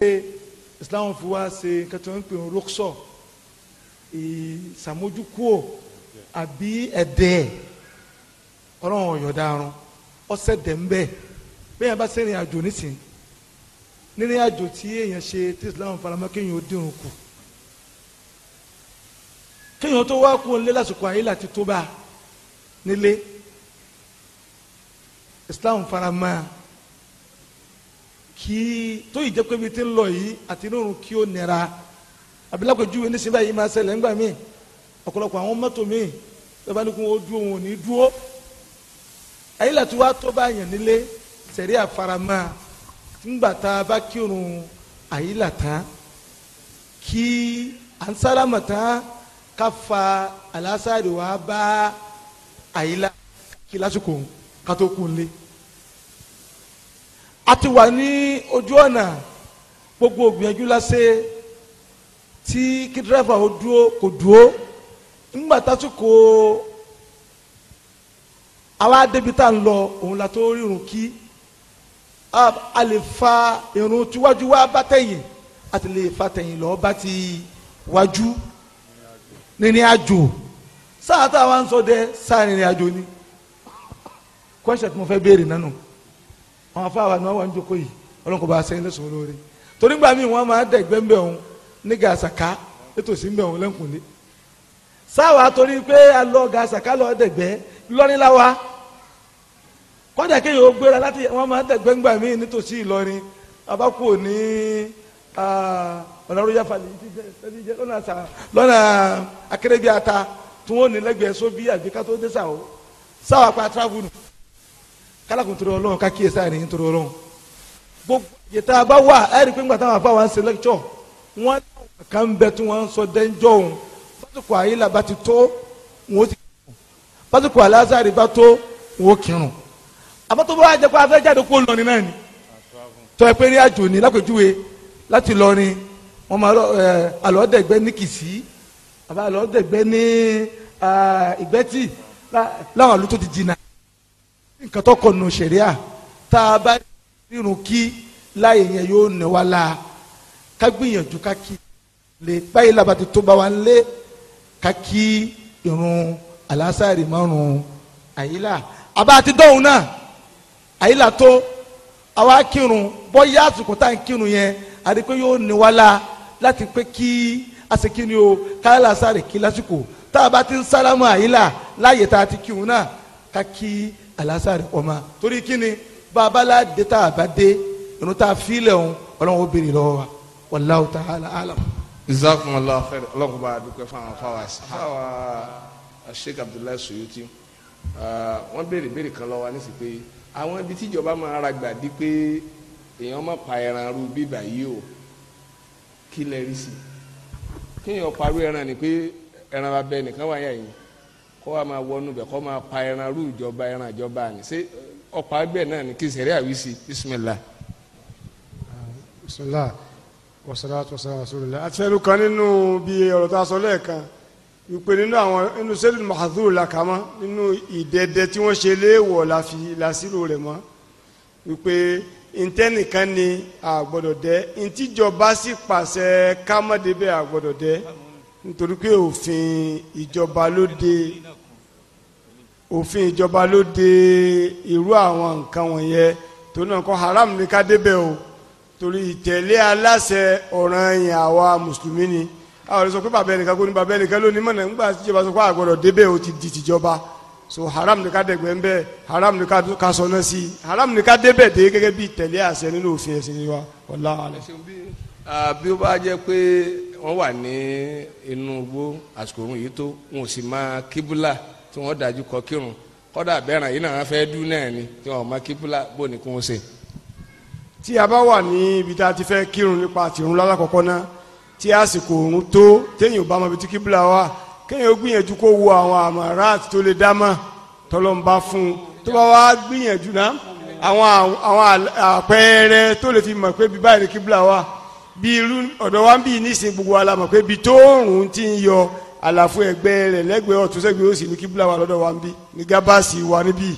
pé islam fi wá ṣe nǹkan tí wọ́n ń pè ní rúksọ ìsàmójúkúò àbí ẹ̀dẹ́ ọlọ́run ọ̀yọ̀dá arun ọ̀sẹ̀ dẹ̀ńbẹ́ bẹ́ẹ̀ bá sẹ́rìn àjò nísìn nírìn àjò tí èèyàn ṣe tí islam faramọ́ kéèyàn ó dírun kù kéèyàn tó wá kú nílé lásìkò ayé láti tó bá nílé islam faramọ́ kí tó yìí jẹ́ pé ibi tí ń lọ yìí àti nírun kí ó nira abilákojúwe nísìnyí báyìí máa ṣẹlẹ̀ ńgbà míì ọ̀pọ̀lọpọ̀ àwọn mọ́tò míì tẹ́bánikun ó dúró wọn ò ní dúró ayé láti wá tó bá yàn nílé sẹ̀rí àfaramá ńgbà tá a bá kírun ayé làtá kí ansáramọ̀tá ká fa alásáre wa bá ayé la kí lásìkò kátó kún lé a ti wà ní ojú ọ̀nà gbogbo ògbìyànjú lásẹ̀ tí kí dírẹ́fà ó dúró kò dúró ńgbà tásìkò àwa débi tá à ń lọ òun la tó rírun kí a lè fa irun tíwájú wá bá tẹ̀yìn a ti lè fa tẹ̀yìn lọ bá ti wájú nínú àjò sáà tá a wá ń sọ dẹ sáà nínú àjò ni kọ́ńṣẹ̀ tí mo fẹ́ béèrè nánu. No àwọn afáwà ni wọ́n wà ń jókòó yìí ọlọ́run kò bá sẹ́yìn lẹ́sùn olóore torí gbà mí wọ́n máa dẹ̀gbẹ́ ń bẹ̀ òun ní gàṣàká nítòsí ń bẹ̀ òun lẹ́kùnlé sáwà torí pé a lọ gàṣàká lọ dẹ̀gbẹ́ lọ́rin láwa kọ́dà kéèyàn ó gbéra láti wọ́n máa dẹ̀gbẹ́ ńgbà mí nítòsí ìlọrin abákù ní ọ̀nà rújà falẹ̀ lọ́nà akérèbíata tí wọ́n ní lẹ́gbẹ̀ẹ́ sóbí àbíká dé sáwà pa tíráfù nù kálákùn torí ọlọ́run ká kíyèsí àárín torí ọlọ́run gbogbo yẹtà bá wà ẹ pé ńgbà táwọn àbá wa ń ṣe lẹ́kṣọ̀ wọn kàn ń bẹ tí wọ́n ń sọ dẹ́njọ́ òun pásítọ̀kọ̀ àyílà bá ti tó wọn ó ti kírun pásítọ̀kọ̀ alásàrì bá tó wọn ó kírun àmọ́ bá jẹ́ pé afẹ́ kó lọ́rin náà ni tọ́ ẹ pé rí àjò ní lápèjúwe láti lọ́rin wọn máa lọ ẹ àlọ́dẹ̀gbẹ́ ní kìsì àbá àlọ́dẹ̀gbẹ́ ní ìgbẹ́tì láwọn àlùtò ti jìnnà nǹkan tó kọ̀ nù ṣẹ̀ríà tá a bá rírun kí láyé yẹn yóò ní wa la ká gbìyànjú ká kí lè báyìí labàtí tó bá wa ń lé ká kí irun alásàrì márùn àyílà àbá àti dọ́hùn náà àyílà tó àwa kírun bọ́yá àsìkò tá à ń kírun yẹn àti yóò ní wa la láti pé kí asekini o ká alásàrì kí lásìkò tá a bá ti ń sálámù àyílà láyè tá a ti kírun náà ká kí alásàrì ọmọ torí kíni babalá dé tá a bá dé inú tá a filẹ̀ òun ọlọ́run ó béèrè lọ́wọ́ wa wallahu ta'ala alam. jazakumullahu khair ọlọ́run bá a dúpẹ́ fún àwọn fáwọn fáwọn sheikh abdullahi suyuti wọ́n béèrè béèrè kan lọ́wọ́ ní sí pé àwọn ibi tíjọba máa ra gbà di pé èèyàn má pa ẹran ru bíbà yìí o kí lè rí sí i kéèyàn parí ẹran ni pé ẹran bá bẹ nìkan wáyà yìí kó wa máa wọnú bẹ̀ kó máa pa ẹran rú ìjọba ẹran ìjọba ni ṣé ọ̀pá àgbẹ̀ náà ni kí sẹ̀rí àwísí bisimilah. bisimilah wasalaatu wasalaamu rasulillah àti ẹnu kan nínú bí ọ̀rọ̀ tá a sọ lẹ́ẹ̀kan ìpè nínú àwọn nínú sẹ́dùn mahadum la kà mọ́ nínú ìdẹ́dẹ́ tí wọ́n ṣe léèwọ̀ la fi làásìlò rẹ̀ mọ́ wípé ntẹ́nìkan ni àgbọ̀dọ̀ dẹ́ ntíjọba sì pàṣẹ kámọ́débẹ̀ àgbọ̀dọ̀ nítorí pé òfin ìjọba ló de òfin ìjọba ló de irú àwọn nǹkan wọ̀nyẹn tó náà kọ́ haram ní ká débẹ̀ o torí ìtẹ̀lé aláṣẹ ọ̀ranyàn àwa mùsùlùmí ni àwọn ọ̀rẹ́ sọ pé bàbá ẹnìkan kò ní bàbá ẹnìkan ló mọ̀nà nígbà tíjọba sọ pé àgọ́dọ̀ débẹ̀ o ti di tìjọba so haram ní ká dẹ̀gbẹ́ ń haram ní ká sọ náà sí haram ní ká débẹ̀ dé gẹ́gẹ́ bí ìtẹ̀lé àṣẹ nínú òfin ẹ̀sìn wa ọ̀la bí ó bá jẹ́ pé wọ́n wà ní inú igbó àsìkò òrùn yìí tó wọn ò sì máa kíbúlà tí wọ́n dájú kọ kírun kọ́dà bẹ́ẹ̀ràn yìí náà fẹ́ dún náà ni tí wọ́n máa kíbúlà bó ni kò ń ṣe. tí a bá wà ní ibi tá a ti fẹ́ kírun nípa tìrun lálákọ̀ọ́kọ́ náà tí àsìkò òrùn tó téèyàn bá mọ ibi tí kíbúlà wà kéèyàn ó gbìyànjú kó wo àwọn àmàràt tó lè dá mọ́ tọ́lọ́mbá fún un tó bá wá gbìyànjú náà àwọn àpẹẹrẹ tó lè fi mọ̀ pé bíbáyìí kíbúlà wà bí irú ọ̀dọ̀ wa ń bí nísìnyí gbogbo wa la mọ̀ pé bí tóòrùn ti ń yọ àlàfo ẹ̀gbẹ́ rẹ̀ lẹ́gbẹ̀ẹ́ ọ̀tún sẹ́gbẹ̀ẹ́ òsì ní kíbla wa lọ́dọ̀ wa ń bí ní gábàásì wa níbí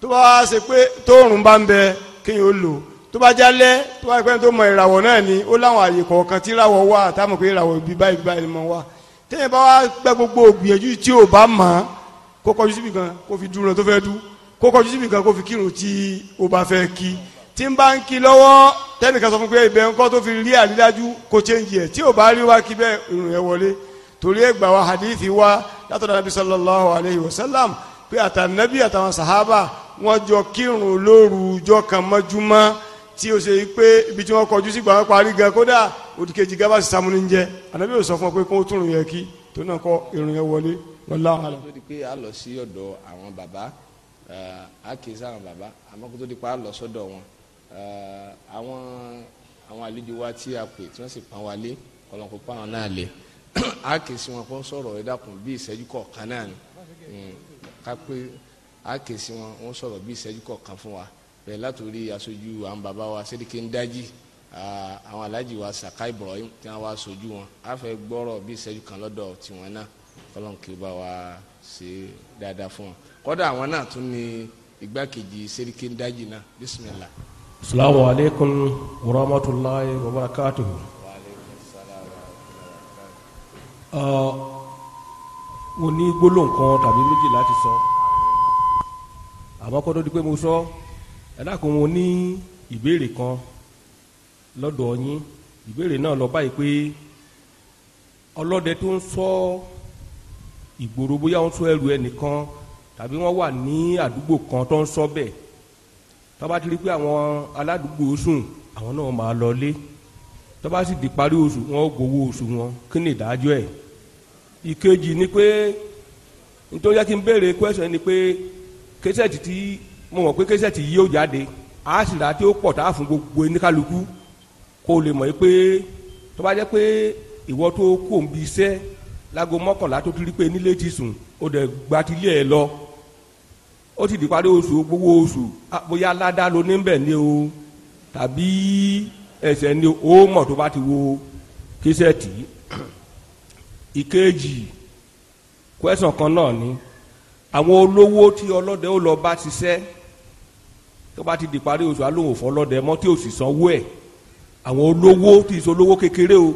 tó bá wá ṣe pé tóòrùn bá ń bẹ kéèyàn ó lò tó bá jálẹ̀ tó bá pẹ́ tó mọ ìràwọ̀ náà ni ó láwọn àyè kọ̀ọ̀kan tí ìràwọ̀ wà táwọn pé ìràwọ̀ ibi báyìí báyìí ni mo wà téèyàn bá wá pẹ́ gbogbo ògbìyànjú tí ò bá mọ̀ kó kọjú síbi kan kó fi dúró tó fẹ́ dú kó kọjú síbi kan kó fi kírun tí ó bá fẹ́ kí tí ń bá ń kí lọ́wọ́ tẹ́nìkan sọ fún pé ibẹ̀ ńkọ́ tó fi rí àrídájú kò chéńjì ẹ̀ tí ò bá rí wá kí bẹ́ẹ̀ ìrùn ẹ̀ wọlé torí ẹgbà wa hadithi wa látọ̀dọ̀ nabi sallallahu alayhi wa sallam pé àtànàbí àtàwọn sàhábà wọn jọ kírun lóru ọjọ́ kan mọ́júmọ́ tí o ṣe pé ibi tí wọ́n kọjú sí gbàgbọ́ parí gan kódà òdìkejì gábà sí samuni ń jẹ ànábì ò sọ fún ọ pé kó tún ìrìn yẹn kí tó náà kọ ìrìn yẹn wọlé wallahu alam. tó di pé a lọ sí ọ̀dọ̀ àwọn bàbá eh, a kì í sáwọn bàbá àmọ́ kó tó di pé a lọ sọ́dọ̀ wọn Eh, àwọn àwọn àlejò wa tí a pè tí wọ́n sì pa wálé ọlọ́nkó pa wọn náà lé a kì í sí wọn kó ń sọ̀rọ̀ bí ìṣẹ́jú kọ̀ọ̀kan náà ni hmm, ká pé a kì í sí wọn ń sọ̀rọ̀ bí ìṣẹ́jú kọ̀ọ̀kan fún wa bẹ́ẹ̀ látòrí aṣojú àwọn bàbá wa Sẹ́ríkì ń dájí àwọn alájì wa Saka Ibrahim tí wọ́n wá aṣojú wọn a fẹ́ gbọ́rọ̀ bí ìṣẹ́jú kan lọ́dọ̀ tiwọn náà ọlọ́nkì bá wa ṣe dáadáa fún wọn kọ́dà àwọn náà tún ní igbákejì Sẹ́ríkì ń dájí náà bísímilà. Assalamu alaikum wa rahmatullahi wa barakatuhu. Uh, mo ní gbólóhùn kan tàbí méjì láti sọ. Àmọ́ kó tó di pé mo sọ, ẹ dákun mo ní ìbéèrè kan lọ́dọ̀ yín. Ìbéèrè náà lọ báyìí pé ọlọ́dẹ tó ń sọ ìgboro bóyá ó sọ ẹrù ẹnìkan tàbí wọ́n wà ní àdúgbò kan tó ń sọ bẹ́ẹ̀ tó bá ti rí pé àwọn aládùúgbò sùn àwọn náà máa lọ lé tó bá sì di parí oṣù wọn ó gbowó oṣù wọn kí ni ìdájọ́ ẹ̀ ìkejì ni pé nítorí kí n béèrè question ni pé késẹ̀tì tí mo mọ̀ pé késẹ̀tì yìí ó jáde a sì rà tí ó pọ̀ tá a fún gbogbo ẹnikálukú kó o lè mọ̀ pé tó jẹ́ pé ìwọ tó kò ń bi iṣẹ́ láago mọ́kànlá tó ti rí pé nílé ti sùn ó dẹ̀ gbatilé ẹ̀ lọ ó ti di parí oṣù gbogbo oṣù bóyá ládá ló ní bẹ̀ ni o tàbí ẹsẹ̀ ni o mọ̀ tó bá ti wo kíṣẹ́ẹ̀tì ìkejì kwẹ́sàn kan náà ni àwọn olówó tí ọlọ́dẹ ó lọ bá ṣiṣẹ́ tó bá ti di parí oṣù alóhùn fọlọ́dẹ mọ́ tí ò sì sanwó ẹ̀ àwọn olówó tí ì solówó kékeré o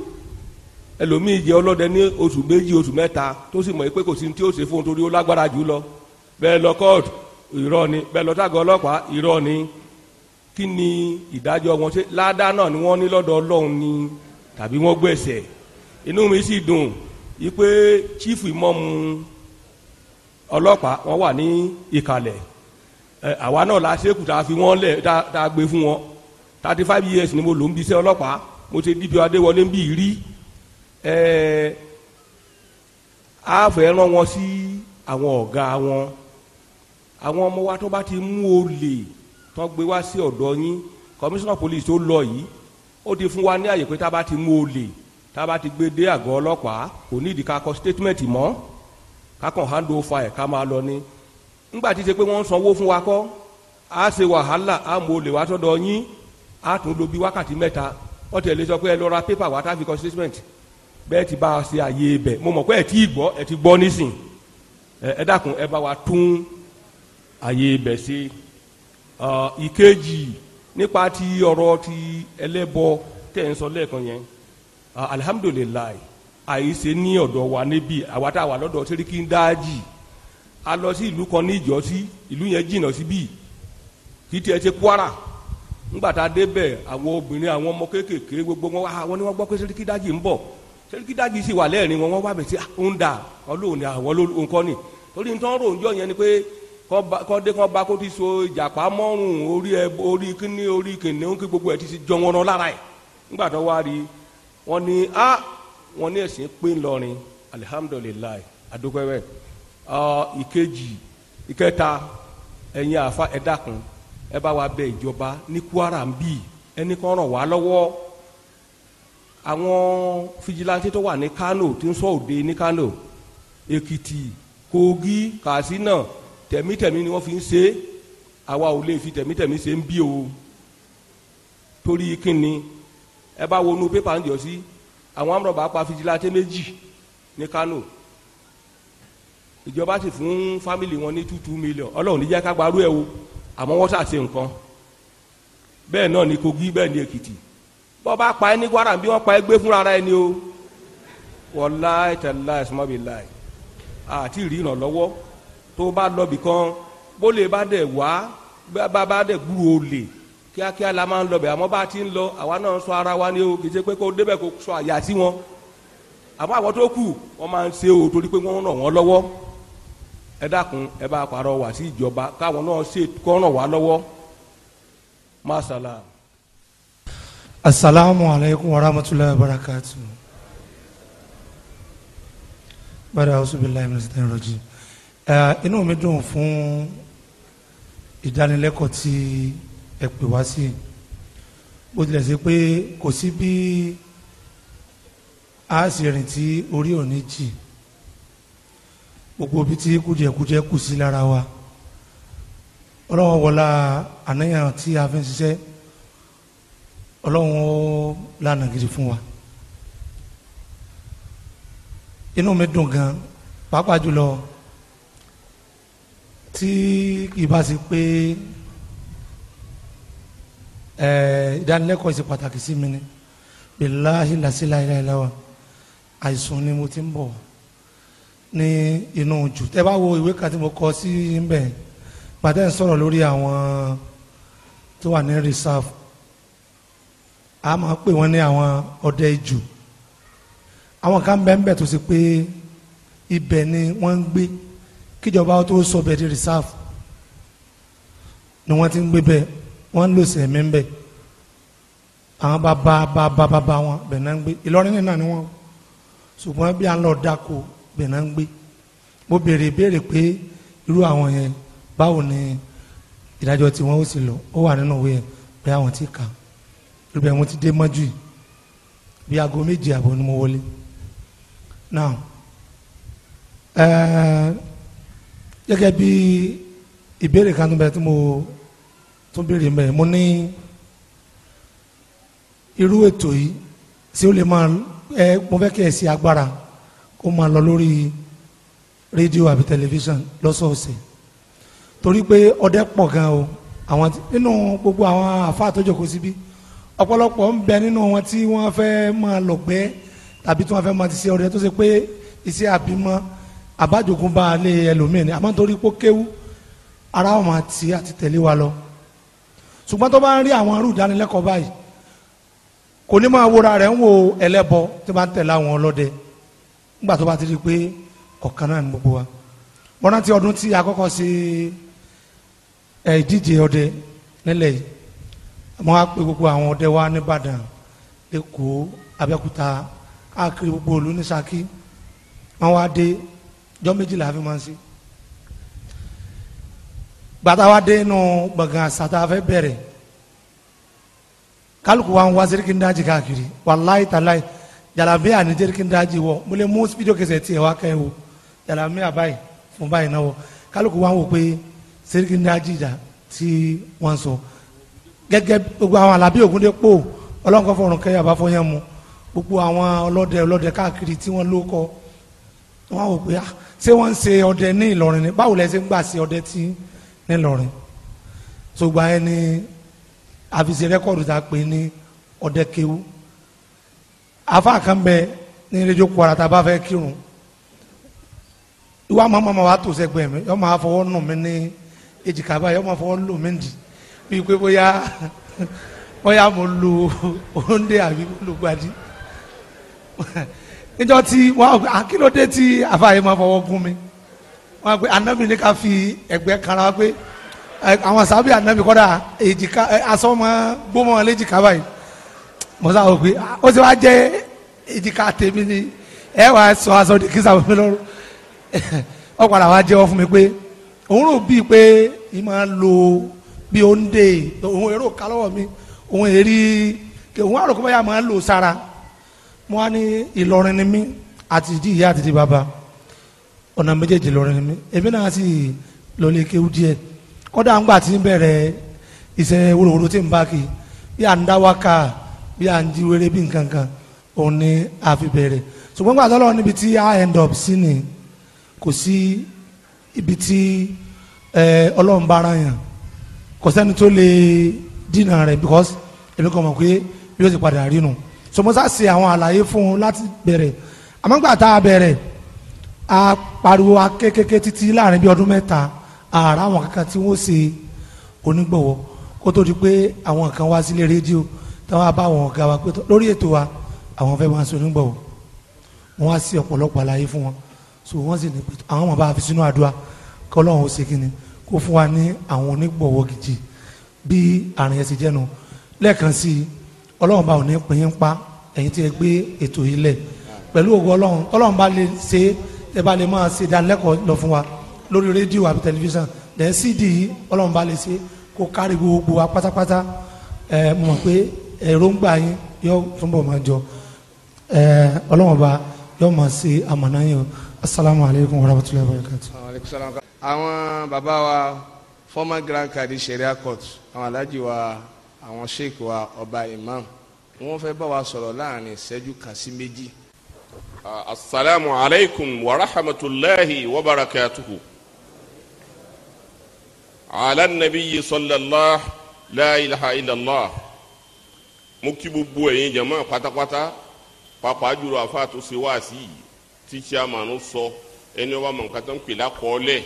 ẹlòmíì jẹ́ ọlọ́dẹ ní oṣù méjì oṣù mẹ́ta tó sì mọ̀ pé kò sí ní tí ó ṣe fún un torí ó lágbára jù lọ bẹ́ẹ̀ lọ kóòtù irọ́ ni bẹ́ẹ̀ lọ ságọ́ ọlọ́pàá irọ́ ni kí ni ìdájọ́ wọn ṣe ládàá náà ni wọ́n ní lọ́dọ̀ ọlọ́run ni tàbí wọ́n gbẹ̀sẹ̀ inú mi sì dùn yìí chief imọ́mu ọlọ́pàá wọ́n wà ní ìkàlẹ̀ àwa náà la ṣe kù tá a fi wọ́n lẹ̀ tá a gbé fún wọn thirty five years ni mo lò ń bi iṣẹ́ ọlọ́pàá mo ti dp adéwọlé ń bì rí a fẹ́ rán wọn sí àwọn ọ̀gá wọn àwọn ọmọ wa tó bá ti mú olè tó gbé wá sí ọ̀dọ̀ yín komisanna police tó lọ yìí ó ti fún wa ní àyè pé tá a bá ti mú olè tá a bá ti gbé dé àgọ́ ọlọ́pàá kò ní ìdí ká kọ statement mọ́ ká kàn hand ẹ̀ ká máa lọ ní nígbà tí ṣe pé wọ́n ń sanwó fún wa kọ́ á ṣe wàhálà á mú olè wá sọ́dọ̀ yín á tún lo bí wákàtí mẹ́ta wọ́n tẹ̀lé sọ pé ẹ lọ ra pépà wá tá a fi kọ statement bẹ́ẹ̀ ti bá a ṣe àyè ibẹ̀ mo mọ̀ pé ẹ ti ayé ibẹ̀ ṣe ìkejì nípa ti ọ̀rọ̀ ti ẹlẹ́bọ tẹ̀ ń sọ lẹ́ẹ̀kan yẹn alihamudulilayi àyíṣe ní ọ̀dọ̀ wa níbí àwa tá a wà lọ́dọ̀ sẹ́ríkì ń dáàjì a lọ kan ìlú yẹn jìnnà síbí Kwara ńgbà débẹ̀ ọmọ kéékèèké gbogbo wọn àwọn ni gbọ́ pé sẹ́ríkì ń bọ̀ sẹ́ríkì sì wà lẹ́ẹ̀rin wọn wọ́n wá bẹ̀ sí ah, ọ̀hún torí òǹjọ́ yẹn kọ́dé kan bá kó ti so ìjàpá mọ́rùn orí ẹ orí kíní orí kìnìún kí gbogbo ẹ ti jọ wọn lọ lára ẹ nígbà tó wá rí wọn ni a wọn ní ẹ̀sìn pé ńlọrin alihamudulilayi adókòwé ìkejì ìkẹta ẹ̀yin àfa ẹ̀dàkùn ẹ bá wa bẹ ìjọba ní kwara ń bì ẹni kan ràn wá lọ́wọ́ àwọn fijilantí tó wà ní kano tí ń sọ òde ní kano èkìtì kogi katsina tẹ̀mítẹ̀mí ni wọ́n fi ń se, é àwa ò lè fi tẹ̀mítẹ̀mí ṣe ń bí o torí kíni ẹ bá wọnú pépà ń jọ sí àwọn amúrọ̀bà pa fìjìláńtì méjì ní Kano ìjọba sì fún fámìlì wọn ní two two million ọlọ́run níjẹ́ ká gbarú ẹ̀ wo, àmọ́ wọ́n ṣàṣe nǹkan bẹ́ẹ̀ náà ni Kogi bẹ́ẹ̀ ni Èkìtì bọ́ bá pa ẹ́ ní Kwara bí wọ́n pa ẹ́ gbé fúnra ara ẹni o wọ́n láì tẹ̀ láì sọ́mọ́ bí láì àti ìrìnà lọ́wọ́ tó bá lọ bìkan bólè bá dẹ̀ wá bá bá dẹ̀ gbúrò olè kíákíá la máa ń lọ bẹ̀ àmọ́ bá a ti ń lọ àwa náà sọ ara wa ni o kì í ṣe pé kó débẹ̀ kó sọ àyà sí wọn àmọ́ àwọn tó kù wọ́n máa ń ṣe o torí pé wọ́n ràn wọ́n lọ́wọ́ ẹ dákun ẹ bá pàrọ̀ wá sí ìjọba káwọn náà ṣe kó ràn wá lọ́wọ́ masala. asalaamualeykum wa rahmatulahi wa barakatu. bari awusu bilayi minisitan rojim inú mi dùn fún ìdánilẹ́kọ̀ọ́ tí ẹ pè wá sí bó tilẹ̀ ṣe pé kò sí bí a sì rìn tí orí ò ní jì gbogbo bí tí kùjẹkùjẹ kù sí lára wa ọlọ́wọ́ wọlá àníyàn tí a fi ń ṣiṣẹ́ ọlọ́wọ́ lànà gidi fún wa inú mi dùn gan pàápàá jùlọ tí ìbá ṣe pé ẹ ìdánilẹ́kọ̀ọ́ ṣe pàtàkì sí mi ni bilahi lasilayilayilawa àìsùn ni mo ti ń bọ̀ ní inú jù tẹ́ bá wo ìwé kan tí mo kọ sí mbẹ̀ pàtẹ́ ń sọ̀rọ̀ lórí àwọn tó wà ní reserve a máa pè wọ́n ní àwọn ọdẹ jù àwọn kan bẹ́ẹ̀ bẹ́ẹ̀ tó ṣe pé ibẹ̀ ni wọ́n ń gbé kíjọba tó sọ bẹ́ẹ̀ di reserve ni wọ́n ti ń gbé bẹ́ẹ̀ wọ́n ń lò sí ẹ̀mí bẹ́ẹ̀ àwọn bàbá bàbá bàbá wọn bẹ́ẹ̀ náà ń gbé Ìlọrin nìyẹn náà ni wọ́n ṣùgbọ́n bí a ń lọ dáko bẹ́ẹ̀ náà ń gbé mo béèrè béèrè pé irú àwọn yẹn báwo ni ìdájọ́ tí wọ́n ó sì lọ ó wà nínú òwe yẹn pé àwọn ti kà ibẹ̀ mo ti dé mọ́jú bí aago méje àbọ̀ ni mo wọlé náà ẹ̀ẹ́. Eh, gẹ́gẹ́ bí ìbéèrè kan bẹ tí mo tún béèrè mẹ́ mo ní irú ètò yìí ṣé ó lè máa ẹ mo fẹ́ kí ẹ ṣe agbára kó máa lọ lórí rédíò àbí tẹlifíṣàn lọ́sọ̀ọ̀sẹ̀ torí pé ọdẹ pọ̀ gan o àwọn nínú gbogbo àwọn àfa àtọ́jọkọ síbí ọ̀pọ̀lọpọ̀ ń bẹ nínú wọn tí wọ́n fẹ́ máa lọ̀gbẹ́ tàbí tí wọ́n fẹ́ máa ti ṣe ọdẹ tó ṣe pé iṣẹ́ àbímọ àbájogún bá a lé ẹlòmíín ni àmọ́ torí pé ó kéwú ara wọn àti àti tẹ̀lé wa lọ ṣùgbọ́n tó bá ń rí àwọn arú ìdánilẹ́kọ̀ọ́ báyìí kò ní máa wora rẹ̀ ń wo ẹlẹ́bọ tó bá ń tẹ̀lé àwọn ọlọ́dẹ nígbà tó bá ti di pé ọ̀kan náà ní gbogbo wa mo rántí ọdún tí a kọ́kọ́ sí ẹ̀ ìdíje ọdẹ nílẹ̀ yìí mo á pe gbogbo àwọn ọdẹ wa nìbàdàn lẹ́kọ̀ọ́ abẹ́òkúta káàkiri gbogbo olú ní Ṣakí wọ́n wá dé jọ́ méjì la fi máa ń ṣe gbàtà wa dé inú gbọ̀ngàn sàtà fẹ́ bẹ̀rẹ̀ kálukú wa ń wá sẹ́ríkì ńdájì káàkiri wàláyé tàláyé jàlámẹ́ àní sẹ́ríkì ńdájì wọ mo lè mú fídíò kẹsẹ̀ tiẹ̀ wá kẹ́ wo jàlámẹ́ àbáyé fún báyìí náà wọ kálukú wa ń wò pé sẹ́ríkì ńdájì dà tí wọ́n sọ gẹ́gẹ́ gbogbo àwọn alábí ògúndé pò ọlọ́nkọ́ fọ̀rùn kẹ́yà bá fọyín mu gbogbo àwọn ọlọ́dẹ ọlọ́dẹ káàkiri tí wọ́n ló wọ́n á wò pé ah, ṣé wọ́n ń ṣe ọdẹ ní Ìlọrin ni báwo lẹ ṣe ń gbà ṣe ọdẹ tí ní Ìlọrin ṣùgbọ́n ẹ ní rẹ́kọ̀dù tá a ní ọdẹ kéwú afa kan bẹ ní rédíò Kwara tá a bá fẹ́ kírun ìwà màmá ma wà tó sẹ́gbẹ̀ẹ́ mi yọ máa fọwọ́ nù mí ní èjìká báyìí yọ máa fọwọ́ lù mí dì bíi pé bóyá bóyá mo lu òǹdè àbí mo lu gbadí níjọ́ tí wọ́n á kí ló dé tí àfààyè máa fọwọ́ gún mi wọ́n á pé anábì ní ká fi ẹ̀gbẹ́ kanra wá pé àwọn sábẹ́ anábì kọ́dà èjìká asọ́mọ gbọ́mọ léjìká báyìí mo sábà pé ó ti wá jẹ́ èjìká tèmi ni ẹ wàá sọ aṣọ di kí sábà mi lọ́rùn ọ padà wá jẹ́wọ́ fún mi pé òun rò bíi pé ì máa lo bí ó ń dè òun èrò kálọ́wọ́ mi òun èrí òun àròkọ́ báyà máa ń sára mo wá ní Ìlọrin ni mí àti di ìyá àti di bàbá ọ̀nà méjèèjì Ìlọrin ni mí èmi náà sì lọlé kéwú díẹ̀ kọ́dà ń gbà tí ń bẹ̀rẹ̀ iṣẹ́ wòlòwòlò tí ń bá kì í bí à ń dá wákà bí à ń jí wéré bí nǹkan kan òun ni a fi bẹ̀rẹ̀ ṣùgbọ́n gbàtọ́ lọ níbi tí a end up sí ni kò sí ibi tí Ọlọ́run bá ara yàn kò sẹ́ni tó lè dínà rẹ̀ because èmi kò mọ̀ pé yóò ti padà rí nù. No sọmọsá ṣe àwọn àlàyé fún un láti bẹ̀rẹ̀ àmọ́gbà tá a bẹ̀rẹ̀ a pariwo akékèké títí láàrin bí ọdún mẹ́ta ààrà àwọn kankan tí wọ́n ṣe onígbọ̀wọ́ kó tó di pé àwọn kan wá sílé rédíò táwọn abá àwọn ọ̀gá wa pé lórí ètò wa àwọn fẹ́ máa ṣe onígbọ̀wọ́ wọ́n wá sí ọ̀pọ̀lọpọ̀ àlàyé fún wọn so wọ́n sì ní pé àwọn ọmọ bá sínú àdúrà kọ́ ó ṣe kí kó fún wa ní àwọn onígbọ̀wọ́ gidi bí àrùn yẹn ti jẹ́nu lẹ́ẹ̀kan sí i ọlọ́run bá ò ní pín in pa ẹ̀yin tí ẹ gbé ètò yìí lẹ̀ pẹ̀lú ògo ọlọ́run ọlọ́run bá lè ṣe ẹ bá lè máa ṣe ìdánilẹ́kọ̀ọ́ lọ fún wa lórí rédíò àbí tẹlifíṣàn lẹ́yìn cd yìí ọlọ́run bá lè ṣe kó kárí gbogbo wa pátápátá ẹ mo mọ̀ pé èròǹgbà yín yóò túnbọ̀ máa jọ ẹ ọlọ́run bá yóò máa ṣe àmọ̀nà yín o asalaamualeykum wa rahmatulahi wa barakatu. àwọn bàbá wa former grand kadi sharia court àwọn alájí wa àwọn sheikh wa ọba imam wọ́n fẹ́ bá wa sọ̀rọ̀ láàrin ìṣẹ́jú kan méjì. asalaamu alaykum wa rahmatulahi wa barakatuhu. ala nabiyyi sallallahu la ilaha illallah. mo kí gbogbo ẹ̀yin jama pátápátá pàápàá jùlọ àfa tó ṣe wá sí i tí chairman sọ ẹni wàá mọ nǹkan tó ń pè lákọọ́lẹ̀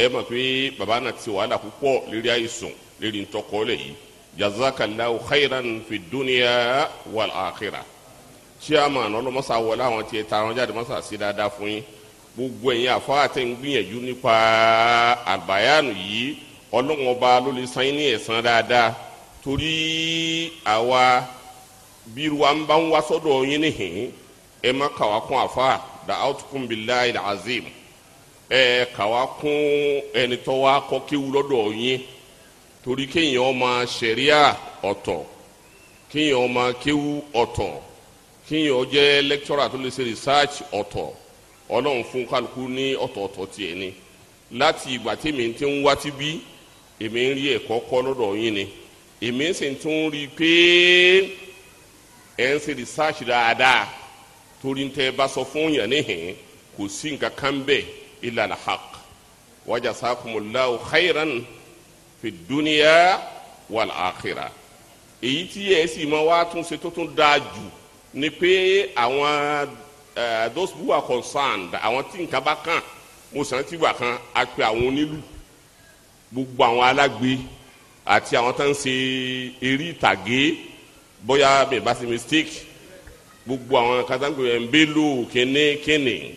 ẹ mọ̀ pé baba náà ti wàhálà púpọ̀ lérí àìsàn lérí ntọ́kọ́ọ́lẹ̀ yìí jazakallahu khairan fi dunya wal akhirah chairman ọlọmọsá wọlé àwọn tiẹ ta àwọn jáde mọsá sí dáadáa fún yín gbogbo ẹ̀yin àfáà tẹ́ ń gbìyànjú nípa àbáyánu yìí ọlọ́wọ́n ọba ló lè san yín ní ẹ̀san dáadáa torí àwa bíru wa ń bá ń wá sọ́dọ̀ yín nìyẹn ẹ má kà kún àfáà da outcome billahi da azim ẹ kà wá kún ẹnitọ́ wa kọ́ kéwu lọ́dọ̀ yín. torí kéèyàn ọmọ ṣẹ̀ríà ọ̀tọ̀ kéèyàn ọmọ kéwú ọ̀tọ̀ kéèyàn ó jẹ́ tó lè ṣe research ọ̀tọ̀ fún kálukú ní ọ̀tọ̀ọ̀tọ̀ tiẹ̀ ni láti ìgbà tèmi ti ń wá ti bí èmi ń rí ẹ̀kọ́ kọ́ yín ni èmi sì tún rí i pé ń ṣe haq fi dúníyà wàl àkìrà èyí tí yẹ sì mọ wá tún ṣe tó tún dáa jù ni pé àwọn those who are concerned àwọn tí nǹkan bá kàn mo sàn ti wà kan a pe àwọn onílù gbogbo àwọn alágbe àti àwọn tó ń ṣe eré ìtàgé bóyá mi bá ṣe mistake gbogbo àwọn katango yẹn ń bẹ lò kéne kéne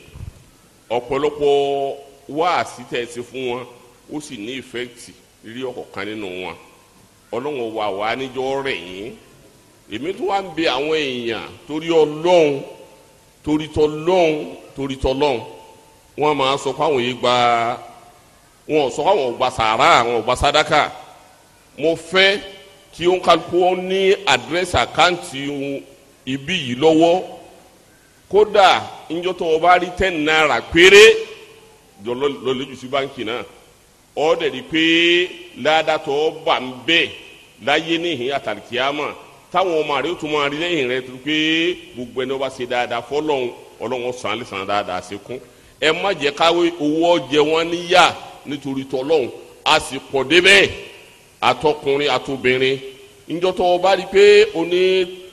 ọ̀pọ̀lọpọ̀ wáàsí tẹ̀ ṣe fún wọn ó sì ní ìfẹ́ẹ̀tì rí ọ̀kọ̀ọ̀kan nínú wọn ọlọ́run wà wá níjọ́ rẹ̀ yín èmi tó wá ń bẹ àwọn èèyàn torí ọlọ́run torí tọlọ́run torí tọlọ́run wọ́n máa sọ fáwọn yìí gba wọn sọ fáwọn ò gba sàárà àwọn ò gba sàdákà mo fẹ́ kí ó kálukú wọn ní àdírẹ́sì àkáǹtì ibi yìí lọ́wọ́ kódà níjọ́ tó o bá rí ten naira péré jọ lọ́lẹ́jù sí báńkì náà ọ dẹ̀ di pé ládàtọ̀ bà ń bẹ̀ láyé níhìn àtàlìkíyàmà táwọn ọmọ rẹ tún máa rí lẹ́yìn rẹ tó pé gbogbo ẹni wọ́n bá ṣe dáadáa fọlọ́hún ọlọ́hún sàn lè sàn dáadáa ṣe kún ẹ má jẹ́ owó ọjẹ wọn níyà nítorí tọlọ́hún a sì pọ̀ débẹ̀ àtọkùnrin àtobìnrin ńjọ́tọ̀ ọba rí pé o ní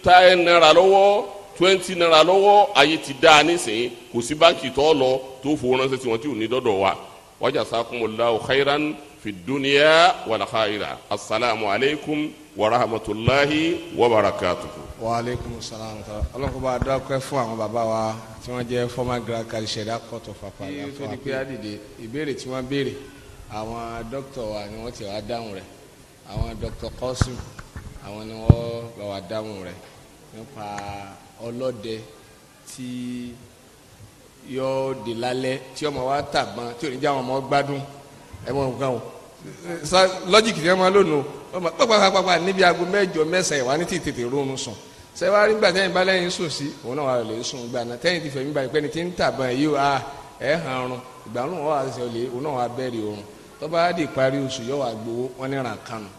táyẹ̀ náírà lọ́wọ́ twenty naira lọ́wọ́ ayé ti dáa nísìnyí kò sí báńkì tó lọ tó fowó ránṣẹ́ tiwọn tí ò ní dọ́dọ̀ wa wajasakumullahu khairan fi duniya wal akhirah assalamu alaikum wa rahmatulahi wa barakatuhu. wa aleykum salaam ọlọ́run kò bá dákẹ́ fún àwọn bàbá wa tí wọ́n jẹ́ former grand caricera court of appeal. iye tó di pé àdìde ìbéèrè tí wọ́n béèrè àwọn dókítà wa ni wọ́n ti wá dáhùn rẹ̀ àwọn dókítà kọ́sùn àwọn ni wọ́n bá wa dáhùn rẹ̀ nípa ọlọ́dẹ tí yóò di lálẹ́ tí ọmọ wa tàgbọn tí ò ní jẹ́ àwọn ọmọ gbádùn ẹ mọ̀ nǹkan o sa lọ́jìkì tí wọ́n máa lónìí o pàpàpàpà níbi aago mẹ́jọ mẹ́sàn-án ìwà ní ti tètè rónú sùn sẹ́wá rí gbàtẹ́ yìí balẹ̀ yìí sùn sí òun náà wà lè sùn gbà náà tẹ́yìn ti fẹ̀mí balẹ̀ pẹ́ni tí ń tàbọn yìí o ẹ̀ hàn ọrùn ìgbà náà wà sí olè òun náà wà bẹ́ẹ̀rẹ̀ ọrùn tọ́ba á di ìparí oṣù yóò wà gbowó wọ́n ní ràn kanu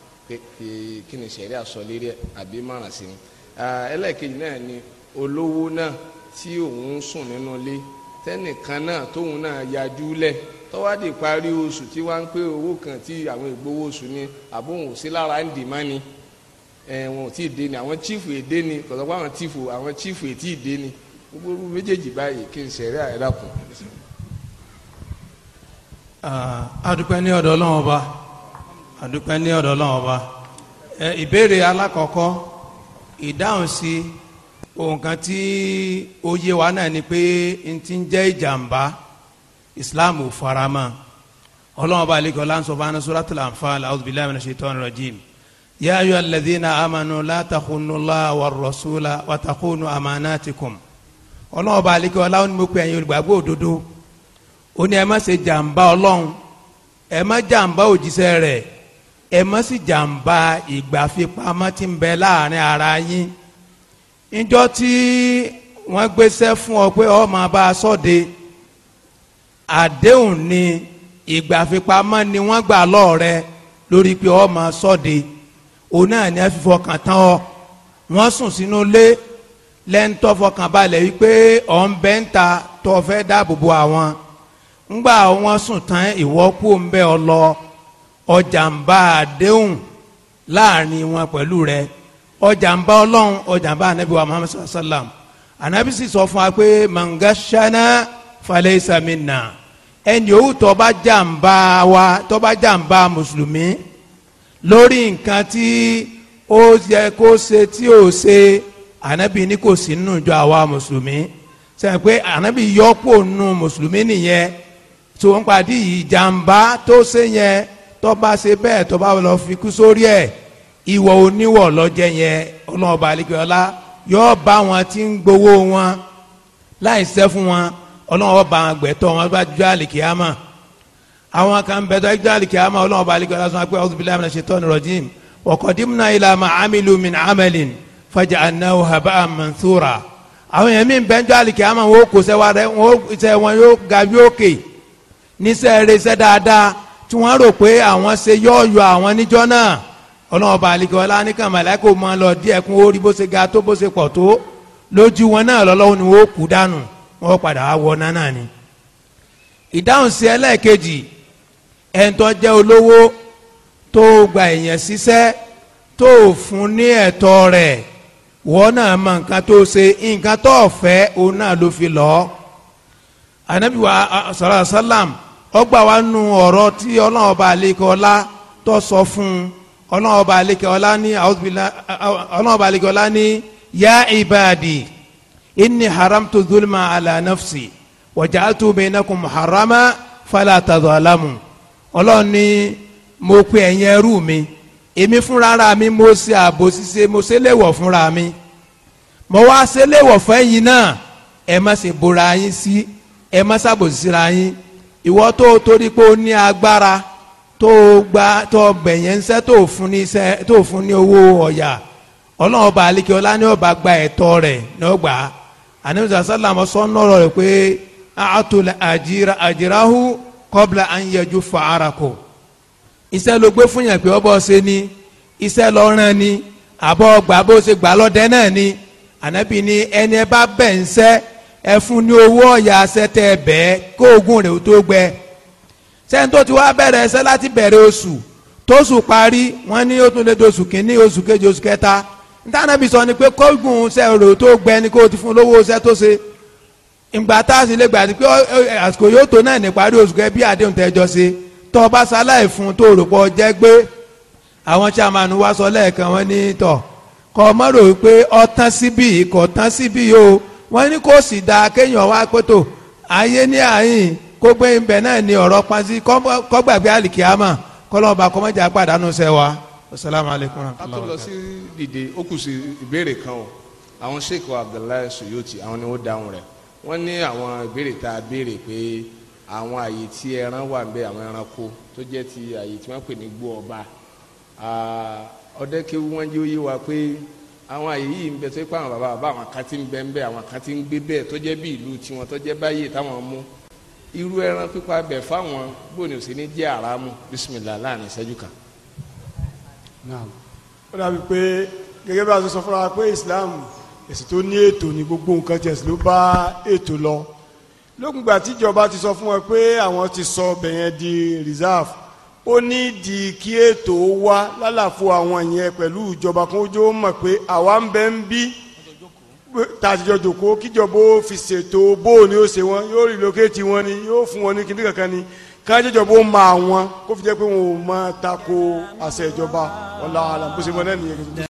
kí ni sẹ̀rí àsọlérí àbí márùn-ún sí ni ẹlẹ́ẹ̀kejì náà ni olówó náà tí òun sùn nínú ilé tẹnìkan náà tóun náà yájú lẹ̀ tọ́wádì parí oṣù tí wọ́n ń pé owó kan tí àwọn ìgbowó oṣù ni àbóhùn sí lára ń dì mọ́ni wọn ò tí ì dé ni àwọn chief èdè ni kọ̀sọ́ àwọn chief àwọn chief ètí ìdé ni gbogbo irú méjèèjì báyìí kí n ṣẹ̀rí àyẹ̀dá kù. adúpẹ́ ní ọ̀dọ̀ ọlọ́run ọba adúpẹ́ ní ọ̀dọ̀ ọlọ́run ọba ìbéèrè alákọ̀ọ́kọ́ ìdáhùn sí i nǹkan tí ó yé wa náà ni pé n ti ń jẹ́ ìjàmbá islam ò farama ọlọ́run bá alẹ́ kọ́ láǹsọ̀ fún anasuratul anfal a'udhu billahi minash shaitonir rajim ya ayyuhal ladhina amanu la takhunu Allaha amanatikum ọlọ́run bá alẹ́ kọ́ láwọn ni olùgbàgbọ́ òdodo ó ní ẹ má ṣe jàǹbá ọlọ́run ẹ má jàǹbá òjíṣẹ́ rẹ̀ ẹ má sì jàǹbá ìgbàfipamọ́ tí ń bẹ láàrin ara yín ìjọ tí wọ́n gbéṣẹ́ fún ọ pé ọ bá a sọ́de àdéhùn ni ìgbàfipamọ́ ni wọ́n gbà lọ́ọ̀rẹ́ lórí pé ọ máa sọ́de òun náà ní ẹ̀fífọ́ kàn tán ọ wọ́n sùn sínú ilé lẹ́ńtọ́ fọkàn balẹ̀ wípé ọ̀ ń bẹ́ ń ta tó fẹ́ dáàbò bo àwọn ńgbà wọ́n sùn tán ìwọ́ kú ń bẹ́ ọ lọ ọjà àdéhùn láàrin wọn pẹ̀lú rẹ̀ ọjàmbá ọlọ́run ọjàmbá anabi wa muhammad sallallahu alayhi wa sallam anabi sì sọ fún wa pé mangashana falaysa minna ẹni òwú tó bá jàmbá wa tó jàmbá mùsùlùmí lórí nǹkan tí ó yẹ kó ṣe tí ó ṣe anabi ní kò sí nínú ìjọ àwa mùsùlùmí sẹ́yìn pé anabi yọ́pọ̀ nù mùsùlùmí nìyẹn tó ń padì yìí jàmbá tó ṣe yẹn tó ṣe bẹ́ẹ̀ tó bá lọ fi kú sórí ẹ̀ ìwọ oníwọ lọjẹ yẹn Ọlọ́run ọba àlekè ọlá yóò bá wọn tí ń gbowó wọn láì sẹ fún wọn Ọlọ́run ọba àgbẹtọ wọn bá jọ àlekè àmà àwọn kan bẹtọ ẹjọ àlekè àmà Ọlọ́run ọba àlekè ọlá sọ pé ọsùn bílẹ̀ àmì ṣe tọ́nu rọ̀jìm wọ̀kọ̀dìmùnà ilà mà ámìlú min ámẹ́lìn fàjà ànáwó haba àmàntúrà àwọn yẹn mi bẹ ń jọ àlekè àmà wọn ó kó sẹ́wà rẹ wọn ó sẹ́ wọn yóò ga bí òkè níṣẹ́ rẹ sẹ́ dáadáa tí wọ́n rò pé àwọn ṣe yọ̀ọ̀yọ̀ àwọn níjọ́ náà ọlọ́ọ̀bà àlekèwọlá ní kàn màláìkò máa lọ díẹ̀ kún ó rí bó ṣe ga tó bó ṣe pọ̀ tó lójú wọn náà lọ́lọ́wọ́ ni wọ́n kú dànù wọ́n padà wá wọ náà ni. ìdáhùn sí ẹlẹ́ẹ̀kejì ẹ̀ńtọ́ jẹ́ olówó tó gba èèyàn ṣiṣẹ́ tó fún ní ẹ̀tọ́ rẹ̀ wọ́n náà mọ nǹkan tó ṣe nǹkan tó òun náà ló fi lọ́ọ́ wa ọgbà wa nu ọ̀rọ̀ tí ọlọ́run ọba sọ fún ọlọ́run ọba àlekè ọlá ní ọlọ́run ọba àlekè ọlá ní yá ibadi inni haramtu zulma ala nafsi waja'altu bainakum harama fala tadhalamu ọlọ́run ní mo pe ẹ̀yin ẹrú mi èmi fúnra mi mo ṣe àbòsí ṣe mo ṣe fúnra mi mo wá ṣe fẹ́yìn náà ẹ má ṣe bora yín sí ẹ má ṣàbòsí yín ìwọ tó torí pé ó ní agbára tó gba tó bẹ̀yẹn ńsẹ́ tó fún ní tó fún ní owó ọ̀yà ọlọ́run ọba àlekè ọlá ní ọba gba ẹ̀tọ́ rẹ̀ ní ọgbà anamisa sálàmù sọ́nọ́rọ̀ rẹ̀ pé àtòlẹ̀ àjìrà àjìràhù kọ́bla ànyẹ̀jú fàárakò iṣẹ́ ló gbé fún yẹn pé ni iṣẹ́ lọ ni àbọ̀ gbà bó ṣe gbà lọ́dẹ ni ànábì ni ẹni ẹ bá bẹ̀ ńsẹ́ ẹ fún ní owó ọ̀yà sẹ́ni tó ti wá bẹ̀rẹ̀ ẹsẹ̀ láti bẹ̀rẹ̀ oṣù tóṣù parí wọ́n ní ó tún osu doṣù kínní oṣù kejì oṣù kẹta ntànàbí sọ ni pé tó gbẹ ni kó o ti fún lówó iṣẹ́ tó ṣe ìgbà lè gbà pé àsìkò yóò tó náà ní parí oṣù kẹ bí àdéhùn tẹjọ ṣe tó o bá ṣaláì fún tó o rò pọ̀ gbé àwọn wá sọ síbí ní sì dáa kéèyàn wá ayé ní kó gbé ibẹ̀ náà ní ọ̀rọ̀ pansi kó alikiyama kọ́lọ́n ba kọ́mọ́jà pàdánù sẹ́ wa asalaamualeykum. a tó lọ sí dìde ó kù sí ìbéèrè kan o àwọn sheikh abdullahi suyuti àwọn ni ó dáhùn rẹ̀ wọ́n ní àwọn ìbéèrè tá a béèrè pé àwọn àyè tí ẹran wà bẹ́ẹ̀ àwọn ẹranko tó jẹ́ ti àyè tí wọ́n pè ní gbó ọba ọdẹ́kẹ́wú wọn jẹ́ òye wa pé àwọn àyè yìí ń bẹ tó pé àwọn bàbá àwọn kan ti ń bẹ ń bẹ àwọn kan ti ń gbé bẹ́ẹ̀ tó jẹ́ bí ìlú tiwọn tó jẹ́ báyè táwọn mú irú ẹran pípa bẹ̀ fáwọn bóni ò sí ní jẹ́ àràmù bisimilá láàrin ìṣẹ́jú kan. ó dàbí pé gẹ́gẹ́ bí a ṣe sọ fúnra pé Islam ẹ̀sìn tó ní ètò ní gbogbo nǹkan tí ẹ̀sìn ló bá ètò lọ lókùngbà tíjọba ti sọ fún wọn pé àwọn ti sọ ọbẹ̀ yẹn di reserve ó ní di kí ètò wá lálàfo àwọn yẹn pẹ̀lú ìjọba kan ó jó mọ̀ pé àwa ń bẹ ń bí tàtijọ́ jòkó kíjọba ó fi ṣètò bóò ni ó ṣe wọn yóò relocate wọn ni yóò fún wọn ní kíní kankan ni kájọjọba ó máa wọn kó fi jẹ́ pé wọn ò máa tako àṣẹ ìjọba ọ̀la àlàbùsẹ̀ mọ́ náà nìyẹn.